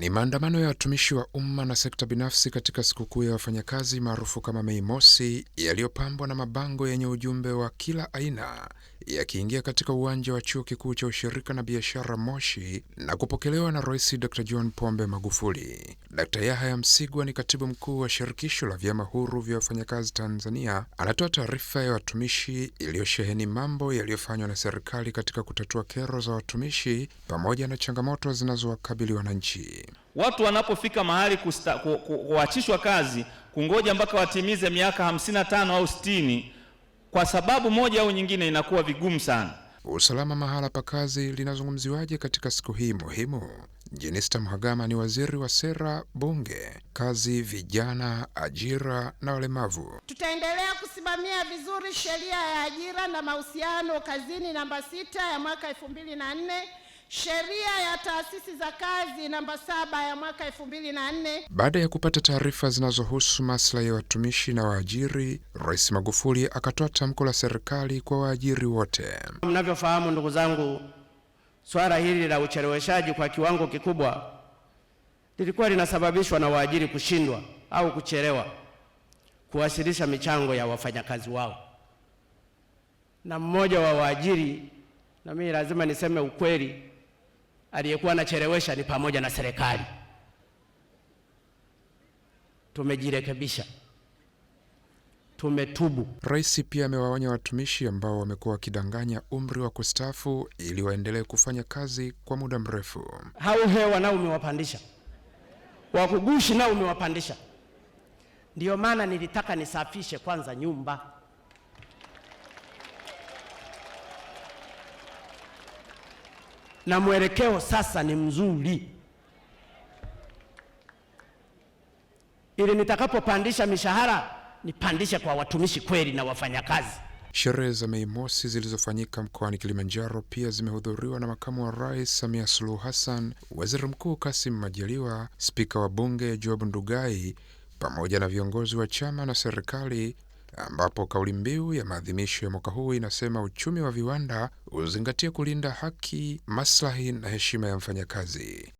Ni maandamano ya watumishi wa umma na sekta binafsi katika sikukuu ya wafanyakazi maarufu kama Mei Mosi, yaliyopambwa na mabango yenye ujumbe wa kila aina yakiingia katika uwanja wa Chuo Kikuu cha Ushirika na Biashara Moshi na kupokelewa na Rais Dr. John Pombe Magufuli. Dkt. Yahya Msigwa ni katibu mkuu wa Shirikisho la Vyama Huru vya Wafanyakazi Tanzania, anatoa taarifa ya watumishi iliyosheheni mambo yaliyofanywa na serikali katika kutatua kero za watumishi pamoja na changamoto zinazowakabili wananchi. Watu wanapofika mahali kusta, ku, ku, kuachishwa kazi kungoja mpaka watimize miaka 55 au 60 kwa sababu moja au nyingine inakuwa vigumu sana. Usalama mahala pa kazi linazungumziwaje katika siku hii muhimu? Jenista Mhagama ni waziri wa sera, bunge, kazi, vijana, ajira na walemavu. Tutaendelea kusimamia vizuri sheria ya ajira na mahusiano kazini namba sita ya mwaka elfu mbili na nne sheria ya taasisi za kazi namba saba ya mwaka elfu mbili na nne. Baada ya kupata taarifa zinazohusu maslahi ya watumishi na waajiri, Rais Magufuli akatoa tamko la serikali kwa waajiri wote. Mnavyofahamu ndugu zangu Swala hili la ucheleweshaji kwa kiwango kikubwa lilikuwa linasababishwa na waajiri kushindwa au kuchelewa kuwasilisha michango ya wafanyakazi wao. Na mmoja wa waajiri, na mimi lazima niseme ukweli, aliyekuwa anachelewesha ni pamoja na serikali. Tumejirekebisha tumetubu. Rais pia amewaonya watumishi ambao wamekuwa wakidanganya umri wa kustaafu ili waendelee kufanya kazi kwa muda mrefu. Hao hewa nao umewapandisha, wakugushi nao umewapandisha. Ndiyo maana nilitaka nisafishe kwanza nyumba na mwelekeo sasa ni mzuri, ili nitakapopandisha mishahara nipandisha kwa watumishi kweli na wafanyakazi. Sherehe za Mei Mosi zilizofanyika mkoani Kilimanjaro pia zimehudhuriwa na Makamu wa Rais Samia Suluhu Hassan, Waziri Mkuu Kassim Majaliwa, Spika wa Bunge Job Ndugai pamoja na viongozi wa chama na serikali, ambapo kauli mbiu ya maadhimisho ya mwaka huu inasema uchumi wa viwanda uzingatie kulinda haki, maslahi na heshima ya mfanyakazi.